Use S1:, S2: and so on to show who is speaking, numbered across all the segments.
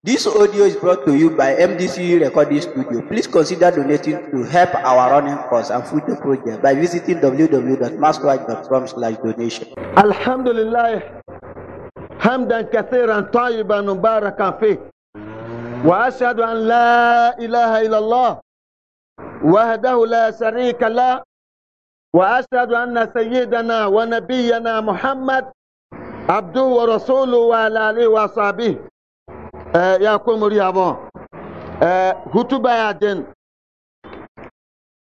S1: This audio is brought to you by MDCU Recording Studio. Please consider donating to help our running costs and future project by visiting www.maskwatch.com slash donation. الحمد لله حمدا كثيرا طيبا مباركا فيه وأشهد أن لا إله إلا la وحده لا شريك له وأشهد أن سيدنا ونبينا محمد عبده wa وعلى wa وصحبه Eh, ya kwemori abụọ ee eh, hutuba ya den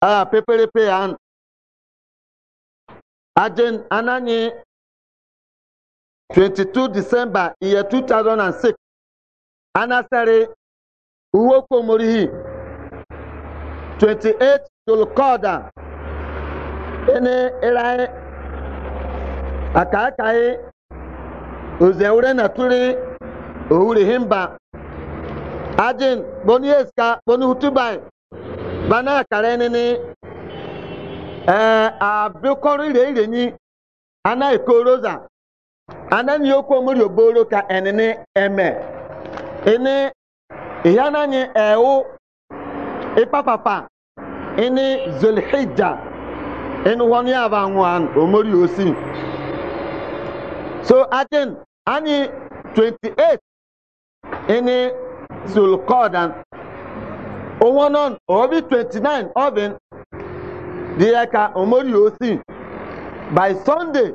S2: ah, a peperepe ya ajen ananyi 22 december iye 2006 anasari uwe kwemori 28
S1: dulkoda ene irai akaakai ozewure na turi owuri himba ajin boni eska boni hutubai bana kare enini eh abikori re ire ni ana ekoroza ana ni okwo muri oboro ka enini eme ini iyana ni ewu ipapapa ini zulhijja inu wani abanwan omori osin so ajin anyị 28 ini sulkodan owonon obi 29 ovin dị ya ka omori osi by sunday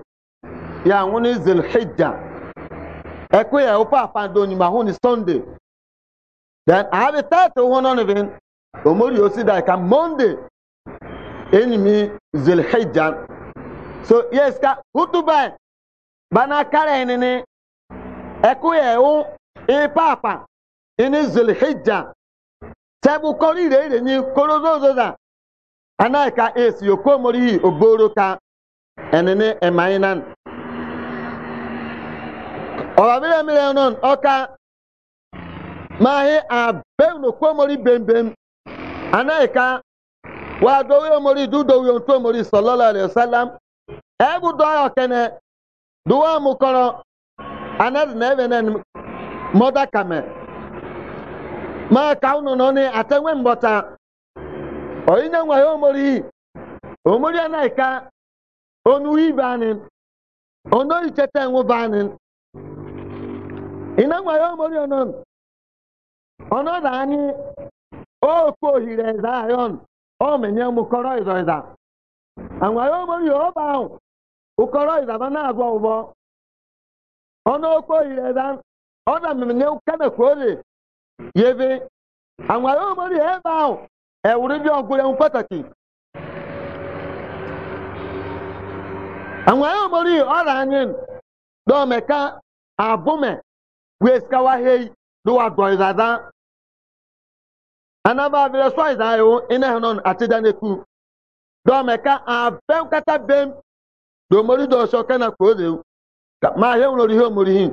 S1: ya nwụni zilhijja ekwe ya ofe afando onye ma hụ ni sunday then abi 30 owonon bin omori osi dị ka monday enyi mi zilhijja so yes ka hutubai bana kara enini ekwe ya ewu ipapa ini zulhijja sebu kori rere ni korozozoza anaghị ka esi yi oboro ka enene emainan ọbabere mmiri ọnụ ọka mahi abem n'okomori bembem anaghị ka wadowe omori dudowe otu omori sọlọlọ alaihi ebudo ọkene duwa mụkọrọ anadị na ebe na mọda kame ma ka unu nọ ni atenwe mbọta oyinye nwa ya omori omori anaghị ka onu ibe anyị ono icheta enwụba anyị ina nwa ya omori ọnọ ọnọdụ anyị oku ohiri eze ayọn omenye m kọrọ ịzọ ịza anwa ya omori ọba ahụ ụkọrọ ịzaba na-agwọ
S2: ụgbọ ọnụ oku ohiri eze ọda mmemme kana kuore yebe anwara omori ebe ahụ ewuru ndị ọgwụrụ ewu pataki
S1: anwara omori ọra
S2: anyị dọmeka abụme wee sikawa hei duwa dọizada anaba abịrị sọ ịza ewu ịnaghị nọ atịda n'ekwu dọmeka abem kata bem domori dọsọ kana kuore ma ahịa nwere ihe omori hin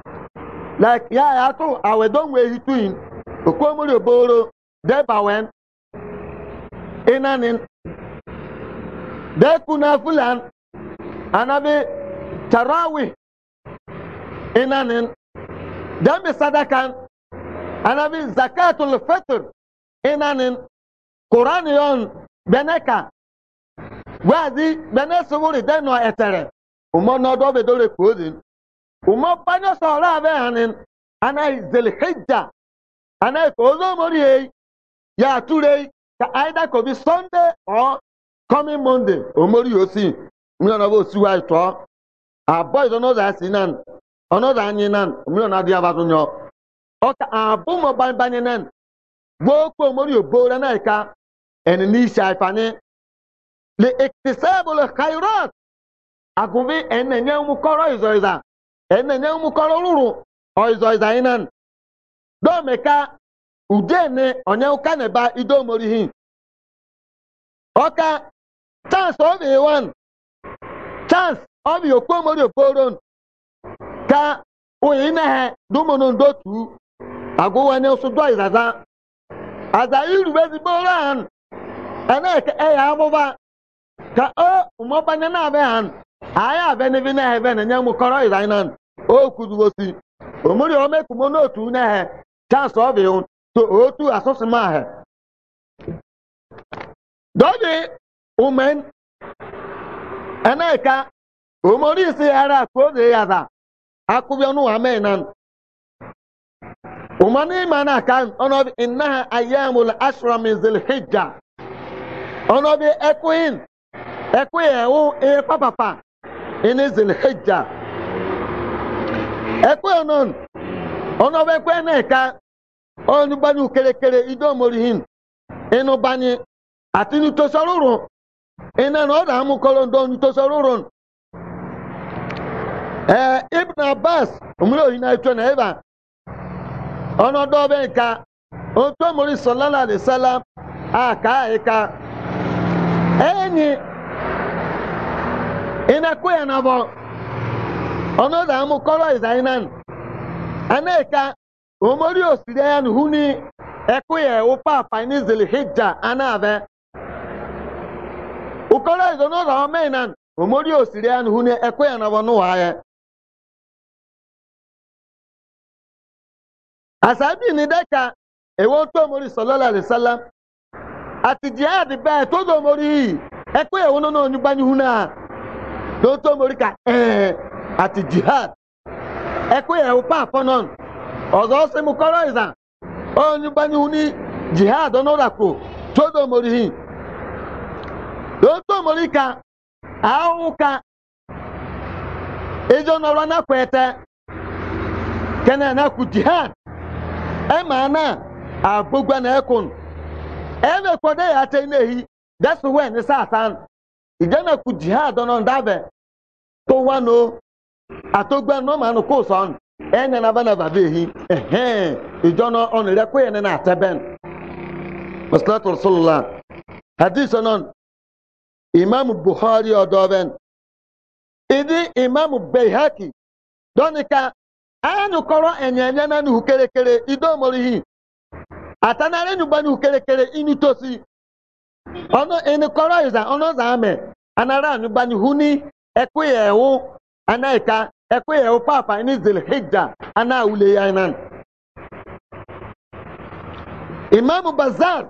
S1: like ya ya tụ awe don wee hitu in okomori oboro deba wen inanin dekuna fulan anabi tarawi inanin dambi sadakan anabi zakatul fitr inanin qur'aniyon beneka wazi benesuburi deno etere umono dobe dole kuozin umo panyo sora abe hanin ana zilhijja ana ko zo mori ya ture ka either ko be sunday or coming monday o mori o si mi ona bo si wa to a boy don know that sinan onoda anyi nan mi ona dia ba tunyo o ka abu mo ban ban nan wo ko mori o bo ra na ka en ni sha ifani li iktisabul khairat agubi en nyamu koro izo izo enenye ụmụkọrọ
S2: rụrụ ọịzọ ịzainan domeka ujene onye ụka neba idomorihi ọka chans obi wan chans obi okpomori okporon ka
S1: onye inahe dumunu ndotu agụwanye ụsụdọ ịzaza aza irube ezigbo ọrụ ha eneke eya abụba ka o umọbanye na-abịa ha anyị abịa n'ebe na-ebe na-enye ụmụkọrọ ịzainan o kuzuosi
S2: omori ome kumo n'otu nehe chance ọ dị so otu asụsụm ahụ dọdị umen eneka omori isi ghara ka o dị yaza akụbi ọnụ wa
S1: mee na umani ma na aka ọnọdụ innaha ayyamul ashram zil hijja ọnọdụ ekuin ekuin ewu ihe papapa ini zil ekwenon ọnọba ekwe na-eka onubanu kelekele idomorihin ịnụbanye ati nutosọrụrụ ina na ọ na-amụkọrọ ndị onutosọrụrụ ee ibn abbas omere na-eto na eba ọnọdụ ọba nka otu omori salala alisala aka ịka e enyi ịna-ekwe na bọ ọnọdụ amụkọrọ izainan aneka omori osiri ya nuhu ni ekuye upa fainizili hijja anabe ukọrọ izonọdụ
S2: omeinan omori osiri ya nuhu ni ekuye nabọ nuwa ya asabi ni deka ewo tó omori sọlọlá
S1: alisalam àti jihad bẹẹ tó omori yìí ekuye wo nínú onyúgbanyuhu náà n'otu omori ka ee. ati jihad ekweghị ụpa afọnọn ọzọ sị m kọrọ ịza onye gbanye uni jihad ọnụrakwo todomorihi todomori ka ahụhụ ka ijọ nọrọ nakwete kene nakwu jihad ema na abụgwa na ekun emekwado ya ate nehi desu wen satan ije nakwu jihad ọnọ ndabe tụwanụ atogba no ma no koso on enya na bana babehi ehe ijono on re ko yen na ateben wasallatu rasulullah hadith onon imam Buhari odoben idi imam bayhaqi donika anu koro enyenye na nu kerekere ido morihi atanare nu nnukwu kerekere inu tosi ono eni koro iza ono za ame anara anu banu huni ekwe ewu anaika ekwe ya papa ni zilhijja ana ule ya na. imam bazar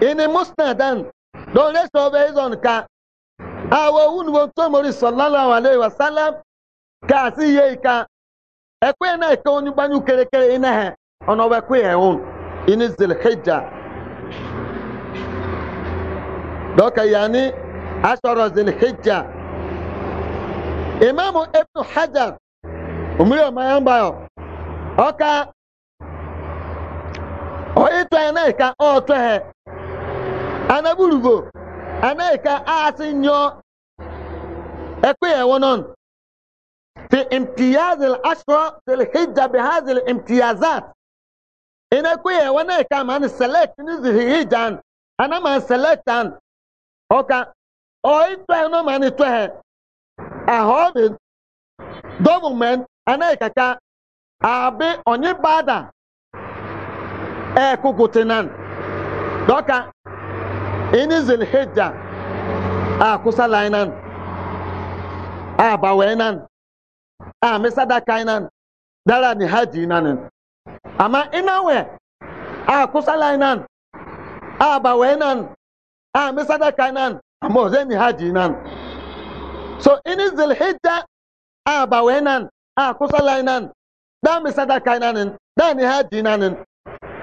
S1: ini musnadan don resto bezon ka awo un won to mori sallallahu alaihi wasallam ka si ye ka ekwe na ka onyu kere kere ina he ono we kwe ya un ini hija. doka yani ashara hija. imamu ibnu hajar omiri omaya mbayo ọka oitwe anaghịka ọtwehe anaburugo anaghịka asị nyọ ekweyewonon fi imtiyaz al fil hijja bi hadhihi al-imtiyazat ina kuyewa na man select ni zihijan ana man select an oka oitwe man ahọ́ọ̀bì gọọmenti anaghịkaka abị onye bada ekugutinan dọka ini zilhijja akwụsalainan abawainan amisadakainan dara ni haji nanin amma inawe akwụsalainan abawainan amisadakainan amma ozeni haji nanin so ini zilhijja a bawainan a kusa lainan da mi sadaka nanin da ni haji nanin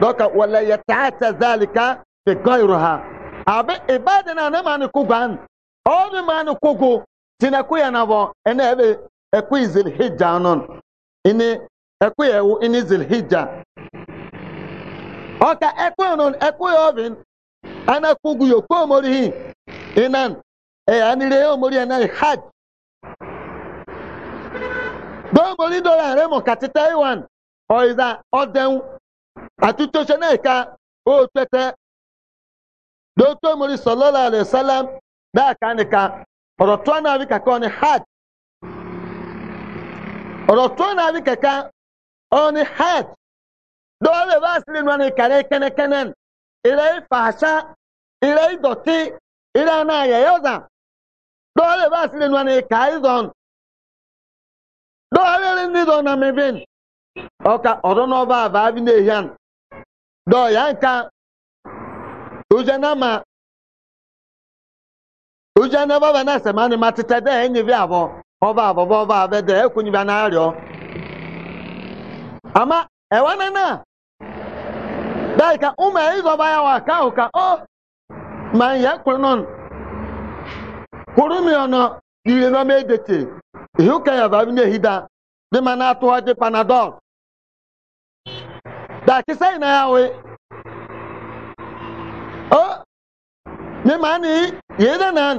S1: doka wala ya ta'ata zalika bi ghayriha abi ibada na na mani kugan o ni mani kugu tina ku ya nabo ene ebe eku zilhijja non ini eku yewu ini zilhijja oka eku non eku yovin ana kugu yo ko morihi inan eyanireo mori na ihaj gbọmọri dọla rẹ mọ kàti taiwan ọyìnbá ọdẹun àtúntòṣe náà ká ó tẹtẹ dókítà mori sọlọlá alẹ sálám dáàká nìka ọ̀rọ̀ tó náà bí kàkọ́ ni hajj ọ̀rọ̀ tó náà bí kàkọ́
S2: ọ ni hajj dọ́wọ́lẹ̀ bá sílẹ̀ nù ẹni kàrẹ́ kẹ́nẹ́kẹ́nẹ́ ìrẹ́ ìfàṣà ìrẹ́ ìdọ̀tí ìrẹ́ ọ̀nà àyẹ̀yẹ́ ọ̀dà. dole ba su da nuna kai zon dole ne zon na mebin ọka ọdọ n'ọba aba abi na-ehian dọọ ya nka ụjọ na ma ụjọ na baba na asemani
S1: ma tete de enyi bi abọ ọba abọba ọba abe de ekwunyi ba na arịọ e e ama ewa na na dai ka ụmụ ịzọba ya wa ka ahụ ka o ma ya kwuru nọ kurumi ono dire no me dete ihu ka ya ba ne hida de mana to aje panadol da ki sai na yawe o ne mani ye da nan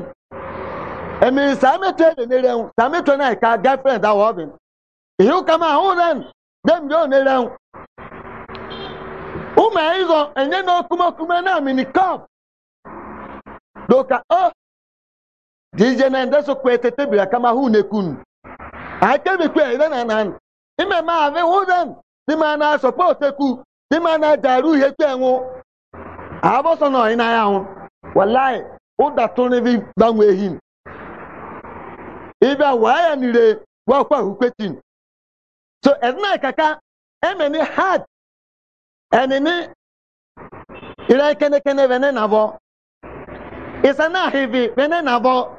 S1: emi samete de ne reun samete na ka girlfriend da wobin ihu kama hu ran dem yo ne reun ụmụ anyị zọ enye na okume okume na mini cup doka o jijena ndeso kwete tebira kama hu nekun akebi kwe ire na nan ime ma ave hudan ti ma na support ku ti ma na daru he kwe nwu abo so no ina ya hu wallahi uda to ni bi banwe him
S2: ibe wa ya nire wa kwa hu kwetin so ezna er kaka emeni hard e ni
S1: ire kene kene vene na bo isa na hivi vene na bo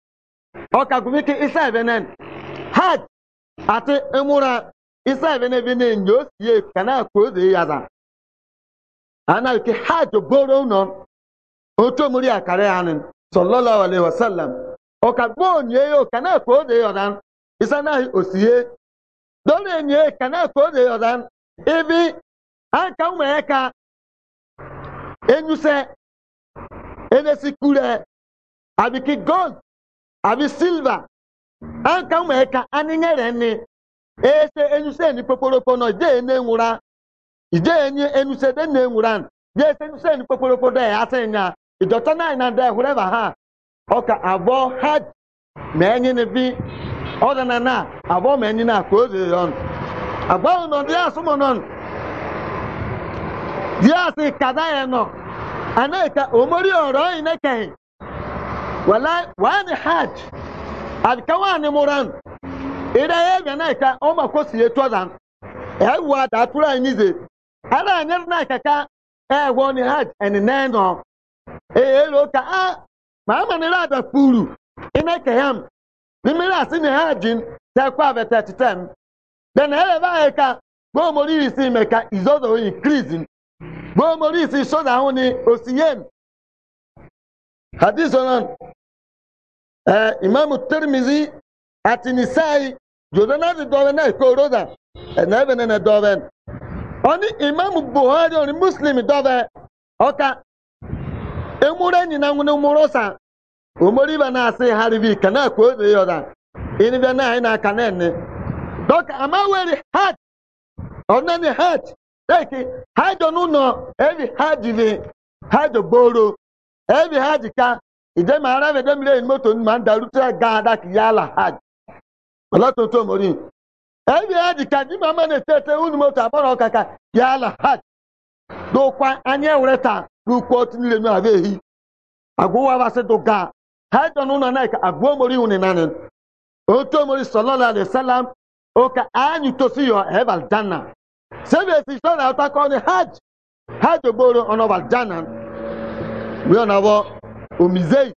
S1: Ọka ọkagwumike isa ebenen hajj ati emura isa ebenebenen yosie kana kozi yaza anabike hajj boro nọ otu omori akara ya nin sallallahu alaihi wasallam ọkagbo onye yo kana kozi yaza isa nahi osie dole enye kana kozi
S2: yaza ibi aka umeka enyuse enesikure abiki gold abi silva anka umeka aninyere nni ese enuse ni poporopo
S1: no je ne nwura ije ni enuse de ne nwura je ese enuse ni poporopo de asenya idota nine na de whoever ha oka avo had me enyi ni bi oda na na avo me enyi na ko ze on avo no de asumo non dia se kada ye no aneka omori na-ekeghị. wallahi wani hajj alkawani muran ida ya ga na ka o ma ko siye to dan e wa da tura ni ze ana nya na ka ka e wo ni hajj en ne no e e lo ka a ma ma ni ra da furu ina ka yam ni mi ra si ni hajj ta kwa be 33 then e ba e ka
S2: bo mo ri si me ka izozo increasing bo mo ri si so da hu ni osiyem hadis onan eh, imamu tirmizi ati nisai jodonazi doven na ko roda na even na
S1: doven oni imamu buhari oni muslim dove oka emure ni na ngune murosa umori ba na asi haribi kana ko de yoda ini be na aka na ne dok ama weri hat onani hat like hide onu no every hard we hide boro ebi hajj ka ìjẹ́ ma rẹ́bẹ̀ dẹ́mìlẹ́ yìí mọ́tò ní màá ń darú tẹ́ gáadá hajj ọlọ́tún tó mọ̀ rí ebi hajj ka na-ete ete unu moto mọ́tò àbọ̀rọ̀ kàkà yá là hajj dókwa mi àbẹ́ èyí àgọ́wà bá ṣe tó ga hajj ọ̀nà ọ̀nà náà àgọ́ mọ̀rí ìhùn nìnanin òtó ọkà hajj hajj ọbal wíwọ́n wọ omizei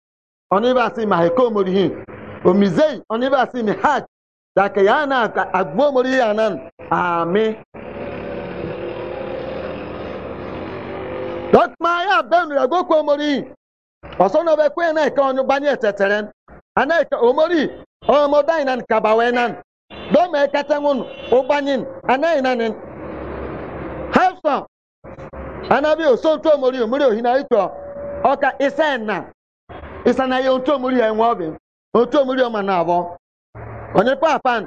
S1: oníbàásí maheko morihin omizei oníbàásí mihaj dàkẹ́yàna àgbọ̀ morihiyanan àmì. dọ́kítà ayé abẹ́nu rẹ̀ gbókò morihin ọ̀sán náà bẹ kó ẹ̀ náà ẹ̀ka ọ̀nù bá ní ẹ̀tẹ̀tẹ̀rẹ̀ ẹ̀ná ẹ̀ka omori ọmọdáyìn náà kàbàwẹ̀ náà dọ́mọ̀ ẹ̀ka tẹ́wọ̀n ọ̀bányin ẹ̀ná ẹ̀ náà ni. hafsan omori omori ohin ayitọ. ọka ịsa na ịsa na ya otu omori ya enwe obi otu omori ọma na abụọ onye papan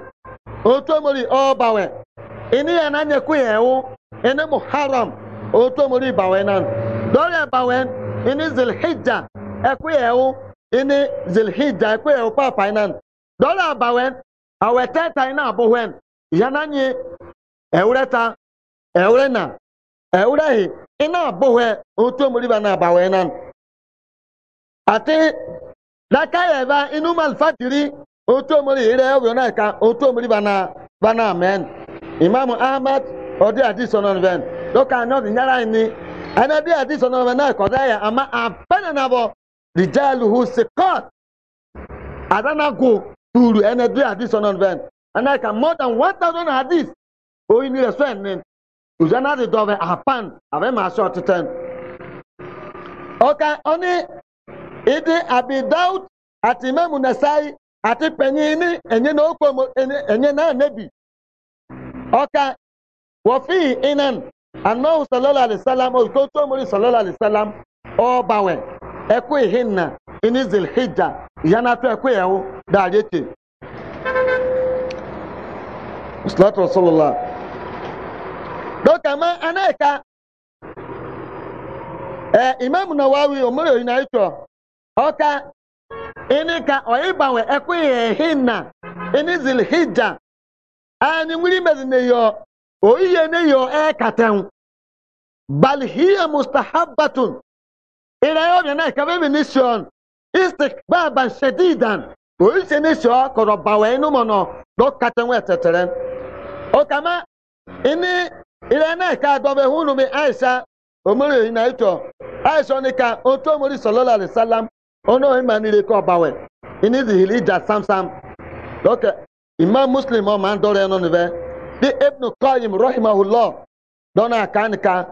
S1: otu omori ọbawe ịnị ya na anyekwu ya ewu ịnị mụ haram otu omori bawe na dọrịa bawe ịnị zilhija ekwu ya ewu ịnị zilhija ekwu ya ewu papan na dọrịa bawe aweteta ịnị abụghị ya na anyị ewureta ewure na ewureghị ịnị abụghị otu omori ba na abawe na àti dákáyà bá inú malfajiri otu omori yìí rẹ ọgbẹ náà ká otu omori bá náà bá náà mẹ́n imaamu ahmed ọdí àti sọnọ́nù bẹ́ẹ̀ lọ́kà anọ́dún yàrá yìí ni ẹnẹ́dí àti sọnọ́nù bẹ́ẹ̀ náà kọ̀dá yà àmà àbẹ́nà náà bọ̀ rìjẹ́lùhù sikọ́t àdánago tuuru ẹnẹ́dí àti sọnọ́nù bẹ́ẹ̀ ẹnẹ́ ká more than one thousand hadith oyin ni rẹ̀ sọ ẹ̀ ní ọ̀sán náà ti dọ̀ ṣọ́ idi abi daud ati imamu nasai ati enye na enye na ọka wọfi inan anọ sallallahu alaihi salam ozugbo tó sallallahu alaihi salam ọbanwe ẹkọ ihinna ini zilhijja yanatu ẹkọ yẹwo daare te. salatu wasallam e, nawawi omori ọka ịnịka ọịgbanwe ekweghị ehi na ịnịzili hija anyị nwere imezineyo oyiye neyo ekaten bal hiya mustahabbatun ila yawmi na kabe minishon istikbaban shadidan oyise nisho koro bawe inu mono do katen wetetere o kama ini ila na ka do be hunu mi aisha omori na ito aisha ni ka o to mori sallallahu alaihi wasallam ono imanile ko bawe ini zihili ija samsam sam ima imam muslim o oh, man dore no nive di ibn qayyim rahimahullah dona kanka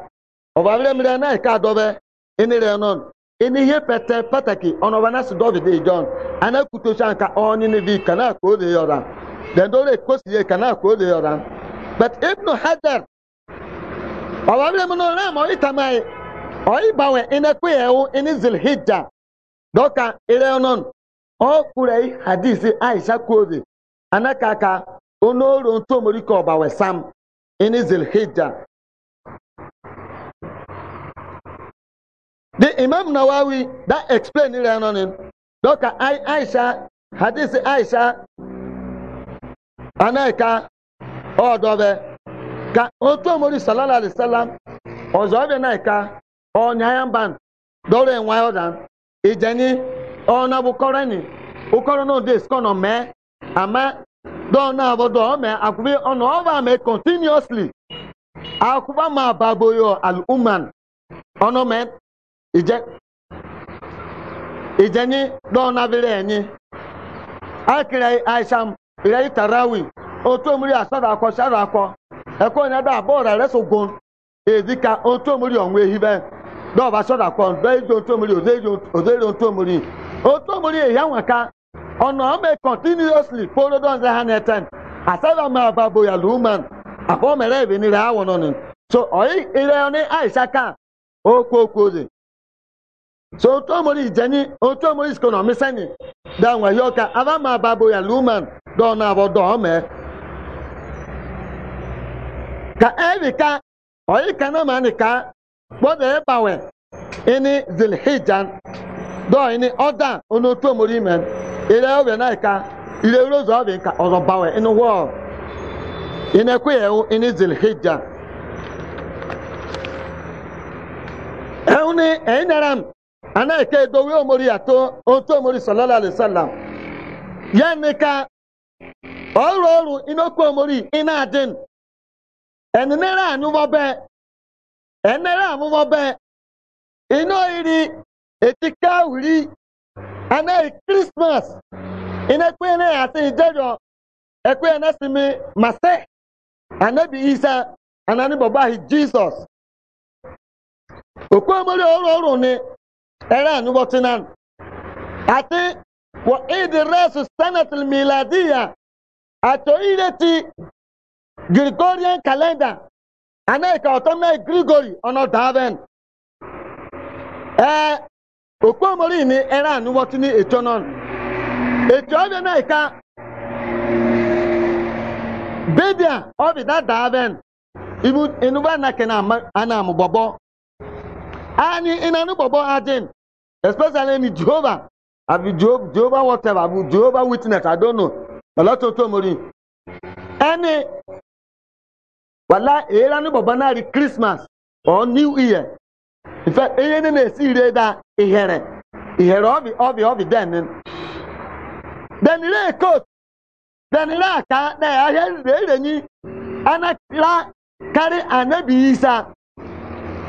S1: obale mire na ka dobe ini re non ini he pete pataki ono bana su dobe de john ana kuto shanka oni ni vi kana ko de yora den dole ko si kana ko de yora but ibn hajar obale mino na mo itamai oyi oh, bawe ina ko yewu oh, ini zilhijja doka Ireonon onon o kurei hadisi aisha Kuobi anaka ka onoro ntomori ka ọba wesam the imam nawawi that explain Ireonon onon doka aisha hadisi aisha anaka ọdọbe ka Ntomori sallallahu alaihi wasallam ọzọ ọbịa na-eka ọnyahịa mba dọrọ enwe ọdan ijani ona bu korani ukoro no this kono me ama do na bo do me akubi ono me continuously akuba ma baboyo al uman me ije ijani do enyi akịrị aisham otu omiri asatọ akọ akọ ẹkọ yẹn dá otu dɔwɔba sɔdɔ akɔ ɔdɔyɛdzo ntomori ɔdɔyɛdzo ntomori ntomori eya yawọn ka ɔnà ɔmɛ continuously polo dɔn zɛ hàn ɛtɛn asɛlɛ ɔmɛ ababo yalu man mɛrɛ ibi rɛ awɔ nɔni so ɔyi irɛ ɔni aisha ka so ntomori jɛni ntomori sikɔnɔ misɛni dawɔn yɔ ka afɛmɛ ababo yalu man dɔn n'abɔ dɔn ɔmɛ ka ɛyɛ ka ɔyi kana ni ka. wọ́dọ̀ ẹ̀ bàwẹ̀ zilhijan dọ́ọ̀ ẹni ọ̀dà otu omori ime, ire ọ̀bẹ̀ náà ẹ̀ka ilẹ̀ rose ọ̀bẹ̀ nka ọ̀dọ̀ bàwẹ̀ ẹni wọ́ọ̀ na ẹ̀kọ́ yẹ̀ zilhijan. ni m edowe omori àtọ́ otu omori sọlọ́lá alẹ́sàlá yẹn
S2: okwu omori enere amụmọ be ino iri etika wuri anaghị krismas inekwe na ati ijejo ekwe na simi mase anabi isa anani babahi jesus okwomori ọrụ ọrụ ni
S1: ere anyụbọtinan ati wa idi resu sanatil miladiya ato ireti gregorian kalenda. aneke otome grigori ọnọ daven ee okomori ni eran wọtini etonon etu ọbịa na-eka bedia ọbịda daven ibu enuba nake na anam gbọgbọ ani inanu gbọgbọ adin especially mi jehova abi jehova whatever abu jehova witness i don't know ọlọtọ tomori ẹni wala era ni baba na ri christmas or new year in fact eye ne na esi ire da ihere ihere obi obi obi den den ire coat den ire aka na ya ahia ire ire nyi kari anabi isa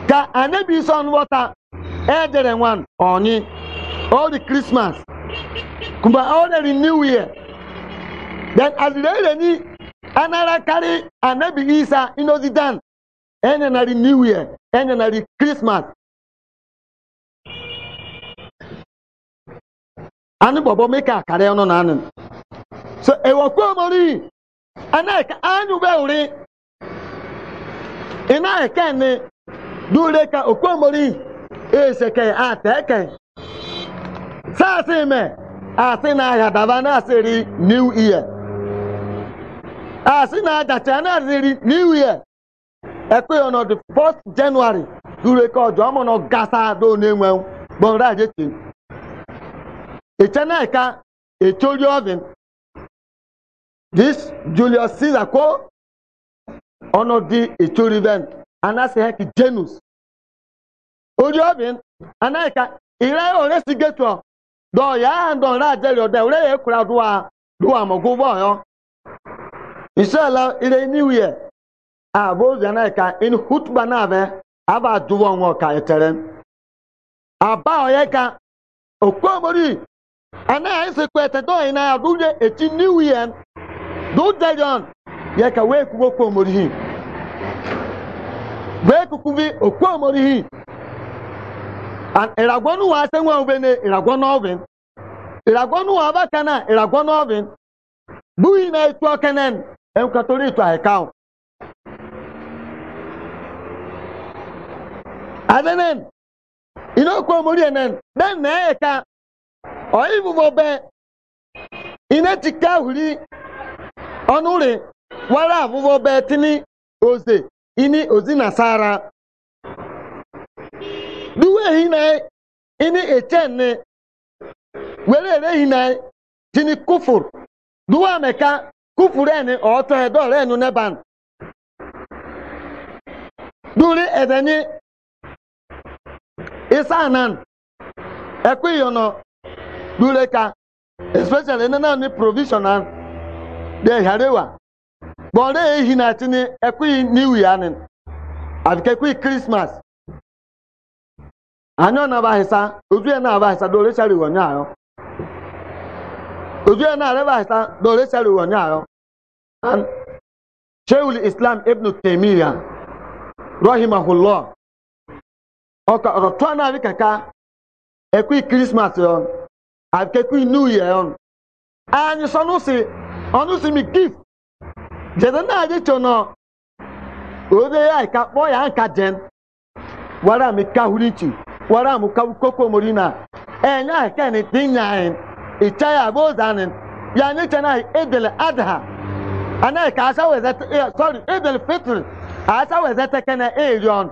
S1: ka anabi isa on water edere nwan onyi all the christmas Kumba all the new year then as ire ire anarakarị anabi isa inozidan
S2: enyenarị new year enyenarị krismas anụbọbọ meka karịa ọnụ na anụ
S1: so ewekwa omori anaka anyụbe uri ina eke ni dure ka okomori eseke ateke saasị ime asị na ahịa na asịrị new year asị na adacha na riri n'ihu ya ekwe ya n'ọdụ 1st jenụwarị duru eke ọjọọ mụ na gasa do na-enwe gbọnra ajeche eche na eka echori ọvịn
S2: dis julius caesar ko ọnọdụ echori vent anasị ha ki genus ori ọvịn anaghịka
S1: ire oresi geto dọọ ya ha ndọrọ ajeri ọdọ ure ya ekwuru adụwa dụwa mọgụ ụgbọ ọhịa inshallah ire new year abo zana ka in hutba na be aba duwo won ka etere aba oye ka okomori ana ise ko ete do ina abuye eti new year do dajon ye ka we ku okomori hi we ku ku bi okomori hi an iragwonu wa se won obene iragwonu obin iragwonu abaka na iragwonu obin buyi na etu okenen é o católico arrecal. Adenen, inokwa omori enen, den na eka, oivu bobe, inetika huri, onure, wara avuvo betini, oze, ini ozi nasara. Duwe hina, ini e echenne, were ere hina, tini kufur, duwa meka, kupuru ene ọtọ ebe ọrụ enu neban duri edeni isa anan ekwe ekwighi nọ dure ka especially na naanị provision de harewa gbọrọ ehi na atini ekwe iyi niwi anin adịka ekwe krismas anyị ọ na-abahisa ozu ya na-abahisa dole chari ojú ẹ̀ náà rẹ́bà ìta lóore sẹ́rù wọ̀ ní àárọ̀ shehul islam ibn taymiyya rahimahullah ọkọ ọ̀rọ̀ tó náà rí kàkà ẹ̀kú christmas yọ àkẹ́kù new year yọ àyìn sọ ọ́nùsì ọ́nùsì mi gift jẹ̀dẹ̀ na rí tó náà òde yà ìka pọ̀ yà ń ka jẹun wàrà mi ká wara mu mi mori kókó morina ẹ̀ ní àkẹ́ ni dín yàn ichaya agozanin yani chana idil adha ana ka asa weze eh, sorry idil fitr
S2: asa weze tekene erion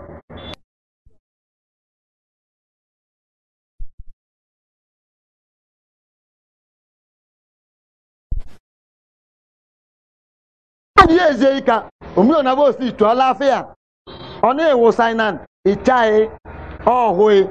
S2: ni eze ika omi ona bo si to alafia
S1: ona ewo sainan ichai ohwe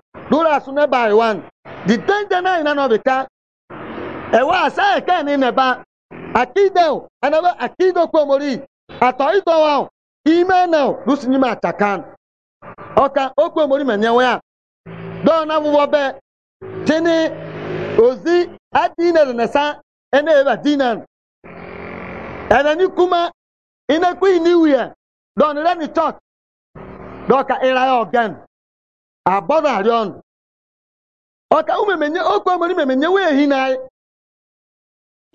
S1: lóra súnẹ́ by one the ten jẹ́nà ìnáná bìkà ẹ̀wọ́ àṣà ẹ̀kẹ́ ní nẹ̀bá àkídẹ̀wò ẹ̀nàbẹ́ àkídọ̀kọ̀ mọ́rí àtọ̀ ìtọ̀wọ̀ ìmẹ̀ náà o ní mà àtàkàn ọ̀ka ọ̀kọ̀ mọ́rí mẹ̀nyẹ̀wẹ̀ a dọọ na bẹ́ẹ̀ tí ní ozi adínà nẹ̀sà ẹ̀nà ẹ̀bà dínà ẹ̀nà ní kúmá
S2: dọọ ìníwìyà dọ́ọ̀nà rẹ̀ ní tọ́k dọ́ọ̀ka ìráyà ọ̀gẹ́ni. abana arịa ọnụ ọka umemenye okwe omeri memenye wee hi na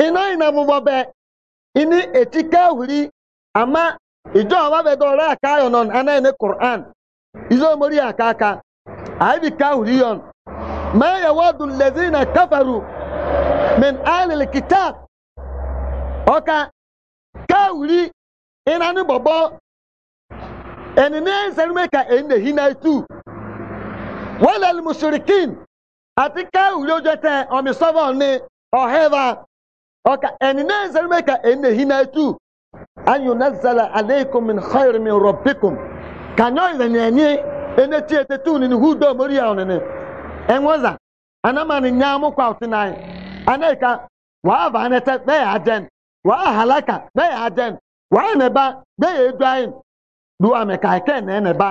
S2: inayi na mụbọbe ini etika wuri
S1: ama ijo awa be dọrọ aka ayọ nọ anaghị ne koran izo omeri aka aka ayi bi ka wuri yọn ma ya wadu lezi na kafaru min alil kitab ọka ka wuri ina ni bọbọ ẹni ne nsẹrùmẹ ka ẹni na hi naị tu wẹ́lẹ̀ mùsùlùkìn àti káwù yóò jẹ tẹ ọmọ sọ́fọ̀ ní ọ̀hẹ́fà ọkà ẹni náà ń sẹ́rí mẹ́ka ẹni náà hinna ẹtù ayò náà zala aleikum min khayr min rabbikum kànyọ́ ìrẹ̀nì ẹ̀ní ẹni tí ètè tù ní hu dọ̀ mórí àwọn ní ẹ̀wọ̀n anamani nyaamu kwa ọtí náà anáyíká wàá bá ẹni tẹ bẹ́ẹ̀ adẹ́n wàá halaka bẹ́ẹ̀ adẹ́n
S2: wàá nẹ̀ba bẹ́ẹ̀ edu ayé du àmì kàkẹ́ nẹ́ẹ̀ nẹ̀ba.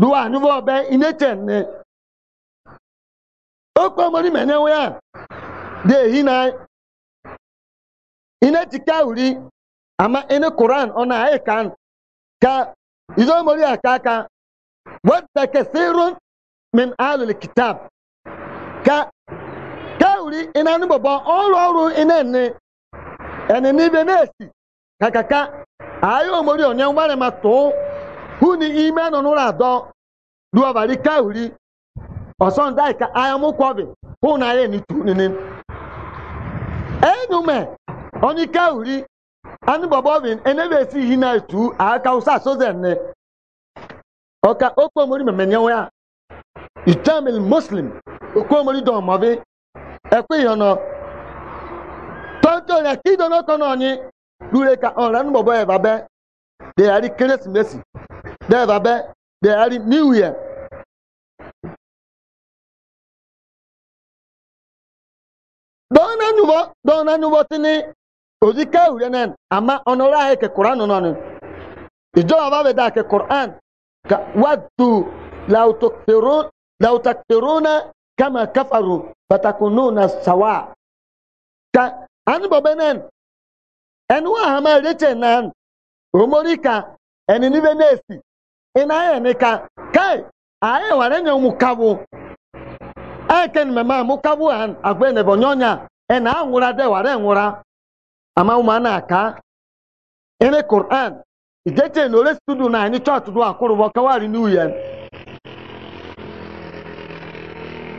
S2: do anyị bụ ọbẹ inechen ne eh. okpe omori mene nwe ya dị ehi na ineti uri
S1: ama ene koran ọ ayi ayị ka ka izo omori aka aka wadda kesirun min alul kitab ka ka uri ina anụ bọbọ ọrụ ọrụ ina nne ẹni n'ibe na-esi kakaka ayọ omori onye nwarị ma tụọ huni ime nọ n'ụlọ adọ uri duobari kauri ọsọn daika ayamukwobi hụ na ya ni tunini enyume onye kauri ani bobovin enebesi ihe na etu aka ụsa sozen ne ọka mmemme memenyewe ya, itamil muslim okpomori dọmọbi ekwe ihe nọ tọ́jọ́ rẹ̀ kí ìdáná kan náà ni lúre ka
S2: anụbọbọ ń bọ̀bọ̀ dị bàbẹ́ dèyàrí kérésìmesì dɛɛba bɛ dɛɛri niwiyɛ dɔɔ na nyubɔ dɔɔ na nyubɔ tini ozi kawure nɛn ama ɔnɔra
S1: ayɛ kɛ koran nɔnɔni ìjọ ọba bɛ da kɛ koran ka wàtú làwùtàkìrúnà kama káfàrú pàtàkùnú na
S2: sawa ka anibɔ bɛ nɛn ɛnu ahama ɛrɛkyɛ nan omori ka ɛnini bɛ nɛɛsi. inayemeka
S1: kai anyị wara enye mụkabụ eken mema mụkabụ ha agwenebe onyonya na anwụra de wara enwụra ama ụmụana aka ene koran ijeche na ore studu na anyị chọọchị dụ akwụrụbọ kawari n'uye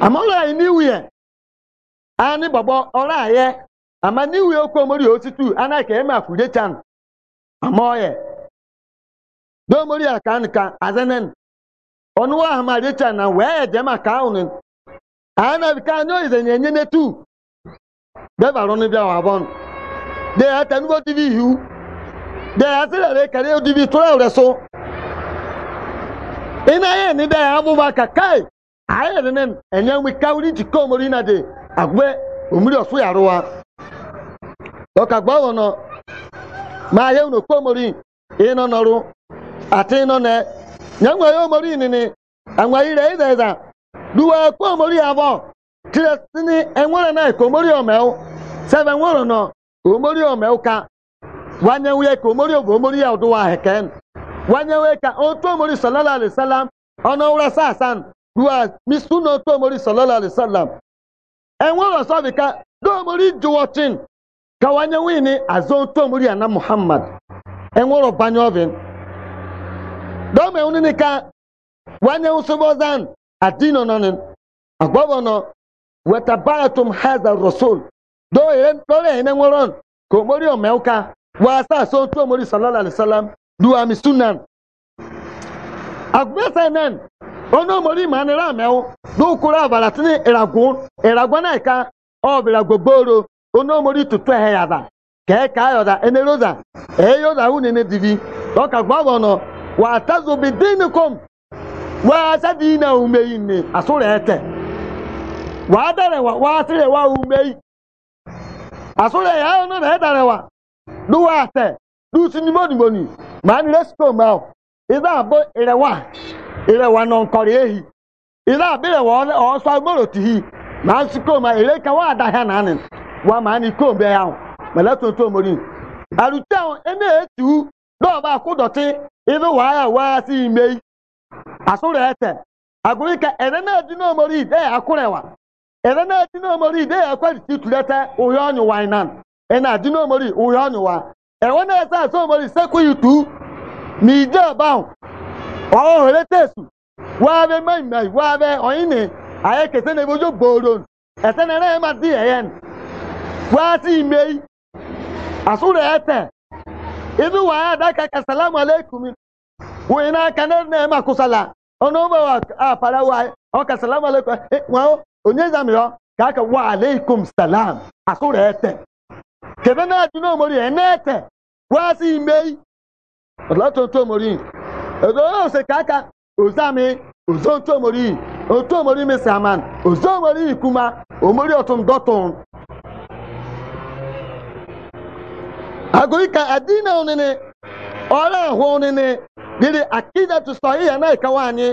S1: amaghị anyị n'iwuye anyị gbagbo ọrụ ahịa ama n'iwuye okwu omori otitu anaghị ka eme akwụjechan ama ọya domori akan ka azanan onuwa ahmadi cha na wee jema ka unu ana bi ka no ize nyenye netu de baro ni bia wabon de ata nubo tv hu de asira re kare o tv tura ore so ina ye ni de abuba ka kai e. aye renen enye mi kawri ti ko mori na de agwe omuri osu yaruwa o ka gbawo no ma ye unu ko mori ino noru ate none nyangwa yo omori nini angwa ire ida ida duwa ko mori abo enwere na ko mori omeo sebe nworo no o ka wanye wuye ko mori obo mori ya oduwa heken wanye ka o to mori sallallahu ona wura sa duwa misu na otu mori sallallahu alaihi e ka do ka muhammad e do me unu ni ka wanya usubozan adino nonin agbobono watabayatum hadha rasul do yen do le ne ngoron ko mori o meuka wa sa so to mori sallallahu alaihi wasallam du ami sunan agbesa nan ono mori manira mewo do kura balatini iragun iragwana ika o bira gbogboro ono mori tutu ehe yada ke ka yoda eneroza eyoda unene divi do ka gbobono watazu bidinikum wasadina umeyini asurete wadarewa wasirewa umeyi asure ya no na darewa duwate dusinimonigboni man resco ma ida abo irewa irewa no nkori ehi ida abirewa ọsọ agborotihi ma nsiko ere ka wa adahia na wa ma ni ko tuntun ibi ya wàhálà si ime asụrụ ete ẹsẹ àgùríkà ẹrẹ náà dín náà mọrí ìdẹ àkúrẹwà ẹrẹ náà dín náà mọrí ìdẹ ẹkọrì sí tùlẹtẹ òhìn ọnyùwà iná ẹnà na náà mọrí òhìn ọnyùwà ẹwọn náà sá àsọ mọrí sẹkù yìí tù mí ime hivi waadaka kasalamu alaikum na kanene makusala ono ba apara wa o kasalamu alaikum e, wa onyeza mi ka kaka wa alaikum salam asure ete kebe na ajuna ene enete wa si imei ọlọtọ ntọ omori edo o se kaka ozami ozo ntọ omori ntọ omori mi saman ozo omori ikuma omori ọtun dọtun agoika adina onene ọrụ ahụ onene dịrị akida tụsa ihe na ikawa anyị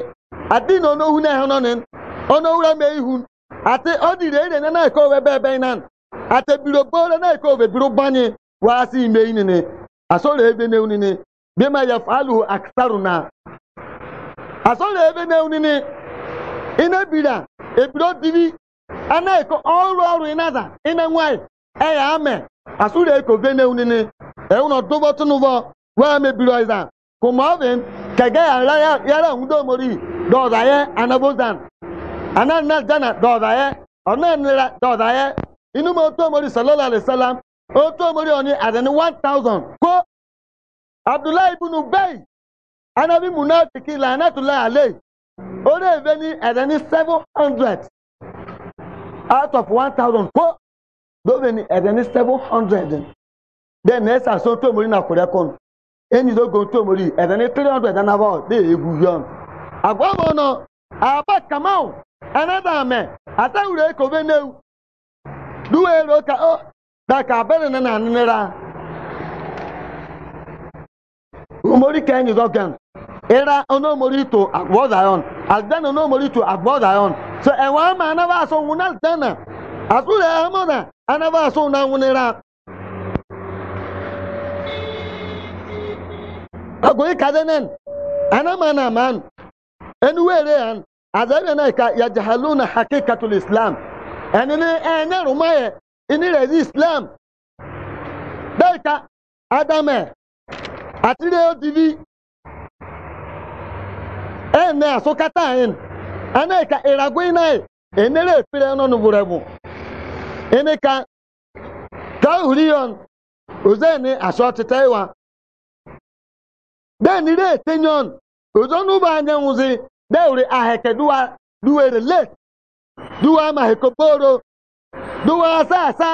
S1: adina onohu na ehun onen onohura mee ihu ati ọ dịrị ere na ika owe bebe na ati biro bore na ika owe biro gbanye wa si ime inene asọrọ ebe na onene bima ya falu aksaru na asọrọ ebe na onene ina bira ebiro dibi ana iko ọrụ ọrụ inaza ina nwanyị ɛyɛ amɛ asúlẹ̀ èkó vẹ́nẹ̀ nínú ẹ̀hún náà tó bọ́ tún bọ́ wẹ́ẹ́ mi bìrọ̀ ìzàn kò mọ́ ọ́fìn kẹ̀kẹ́ yàrá yàrá òun tó mórí dọ̀ọ̀dà yẹ anabozan ananina jana dọ̀ọ̀dà yẹ ọ̀nàìnira dọ̀ọ̀dà yẹ inú mi tó mórí sọlọ́lá alẹ́sálám ó tó mórí ọ̀ní àdánù one thousand kó abdullahi ibùnú bẹ́ẹ̀ anabi munafiki lanatula alẹ́ orí ìfẹ́ ní àdánù seven hundred out of one thousand kó. dóbeni ẹ̀dẹ̀ni seven hundred then next aso ntomori na kore kon enyizo go ntomori ẹ̀dẹ̀ni three hundred and above dey egwu yọm agwọbọ nọ aba kamau ẹnẹdà mẹ atẹwura ekobe newu duwe ero ka ọ daka abẹrẹ nana anira omori ka enyizo gan onomori to agwọ zion den onomori to agwọ zion so ẹwọn ama anaba aso nwuna alidana. asu da ya mana ana na wuni ra agoyi kadenen ana mana man eni were yan na ka ya jahaluna haqiqatul islam eni ne ene rumaye ini re islam deka adame ati re tv ene asokata yin ana ka iragoyi na enere no nuburebu ene ka ta hurion ozene asọtịta ịwa
S2: den ire etenyon ozo n'ụba anyanwụzi deure aheke duwa duwere let duwa mahekoporo duwa asa asa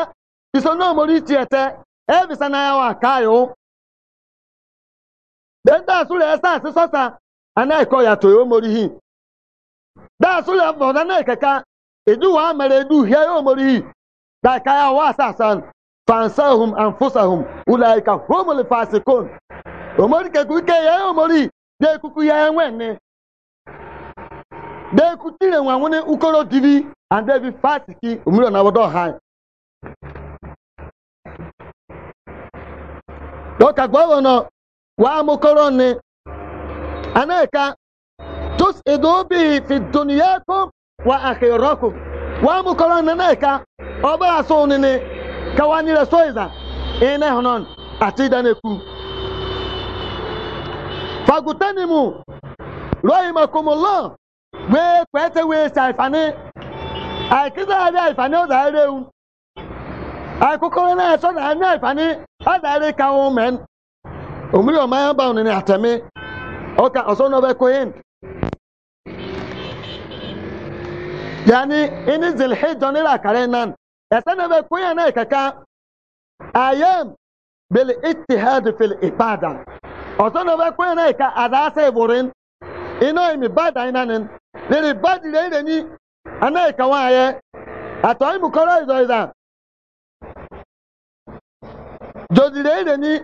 S2: isonomori tiete ebisa na ya wa kayo den da sura esa sisota anaiko ya toyo morihi da sura bọda na ikeka eduwa mere edu hie omorihi
S1: like I was asan fansahum anfusahum ulaika humul fasikun omori ke ku ke ye omori de kuku ye enwene de ku tire nwa woni ukoro divi and they be fasiki omiro na bodo han doka gwawo no wa mukoro ni anaka tus idubi fi dunyakum wa akhirakum wa mu kɔrɔ nana yi ka ɔbɛ aso nini ka wa nira so iza ina hɔnɔn ati daneku fagutani mu lɔyi ma komolɔ wee kpɛɛte wee si aifani aikisa yɛ bi aifani o zaa rewu aikokoro naa so naa nye aifani a zaa re ka wo mɛn omiri ɔmaya ba nini atɛmi ɔka ɔsɔ n'ɔbɛ ko hind. yani ini zilhijja ni rakare nan esene be kunya na kaka ayam bil ittihad fil ibada osono be kunya na ka adase burin ino mi bada ina nin liri badi le ile ni ana ka wa ye ato imu koro izo iza jodi le ile ni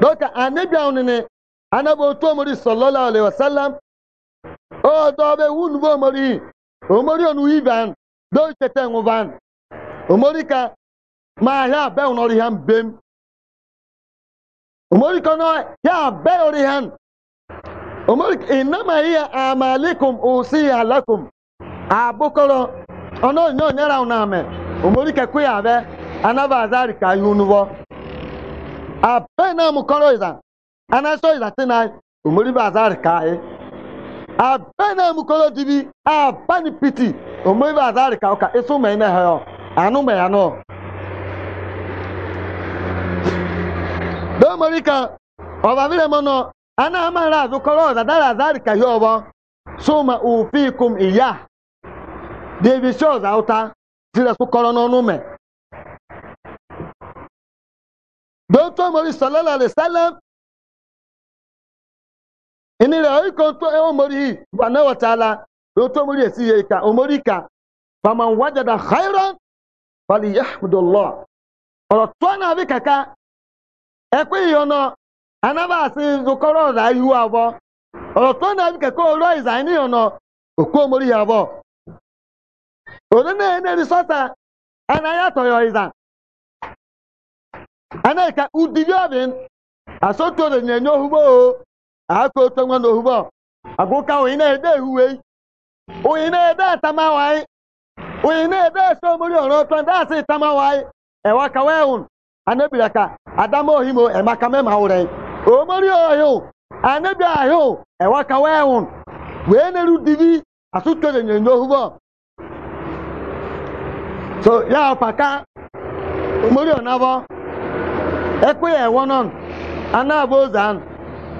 S1: doka anabi onini anabi otu omori sallallahu alaihi wasallam o do be wunu bo omori omori onu ivan do tete nguvan omori ka ma ya be onori han bem omori ka no ya be ori han omori inama hiya amalikum usiya lakum abukoro ono nyo nyara ame omori ka kuya be anaba azari ka yunuwo abena mukoro izan anaso izan tinai omori ba azari ka e abena mukolo dibi abani piti omoiba azari ka oka eso me na ha anu me ano do marika oba vile mono ana amara azukoro da dara azari ka yobo suma ufikum iya devi shows auta tira sukoro no
S2: me do to mari sallallahu alaihi wasallam enira iko to e omori bana wa taala do to omori esi ye ka omori ka faman wajada khairan
S1: falyahmudullah oro to na bi kaka e pe yono anaba asi zukoro da ihu abo oro to na bi kaka oro iza ni yono
S2: oku omori ya abo na ne risota ana ya to yo iza ana ka udibia bin
S1: asoto de nyenyo hubo aka otu nwa na ohugbo agụka onye na-ede ehuwe onye na-ede atamawai onye na-ede esomori ọrọ ọtọ ndị asị tamawai ewa kawa ehun ka adama emaka mema omori ohio anebi wee neru so ya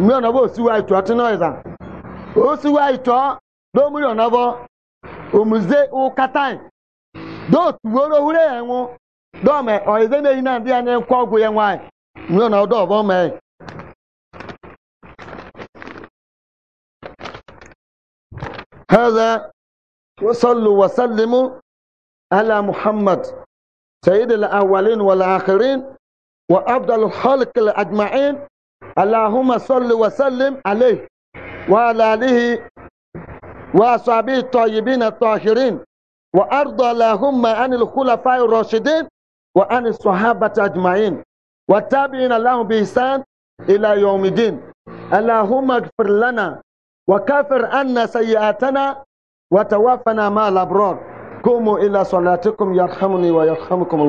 S1: mi ọ̀nà bó siwa ìtọ́ tí náà ìzà ó siwa ìtọ́ lómúrì ọ̀nà bọ́ òmùzé ukátàn dóòtù wóró húré yẹn wọn dọ́ọ̀mẹ̀ ọ̀yẹ́dẹ́ méjì náà bí ẹni kọ́ ọ̀gù yẹn wáyé mi haza ọ̀dọ́ ọ̀bọ̀ mẹ́.
S2: هذا وصلوا وسلموا على محمد
S1: سيد الأولين والآخرين al اللهم صل وسلم عليه وعلى آله وأصحابه الطيبين الطاهرين وأرضى اللهم عن الخلفاء الراشدين وعن الصحابة أجمعين والتابعين لهم بإحسان إلى يوم الدين اللهم اغفر لنا وكفر عنا
S2: سيئاتنا وتوفنا مع الأبرار قوموا إلى صلاتكم يرحمني ويرحمكم الله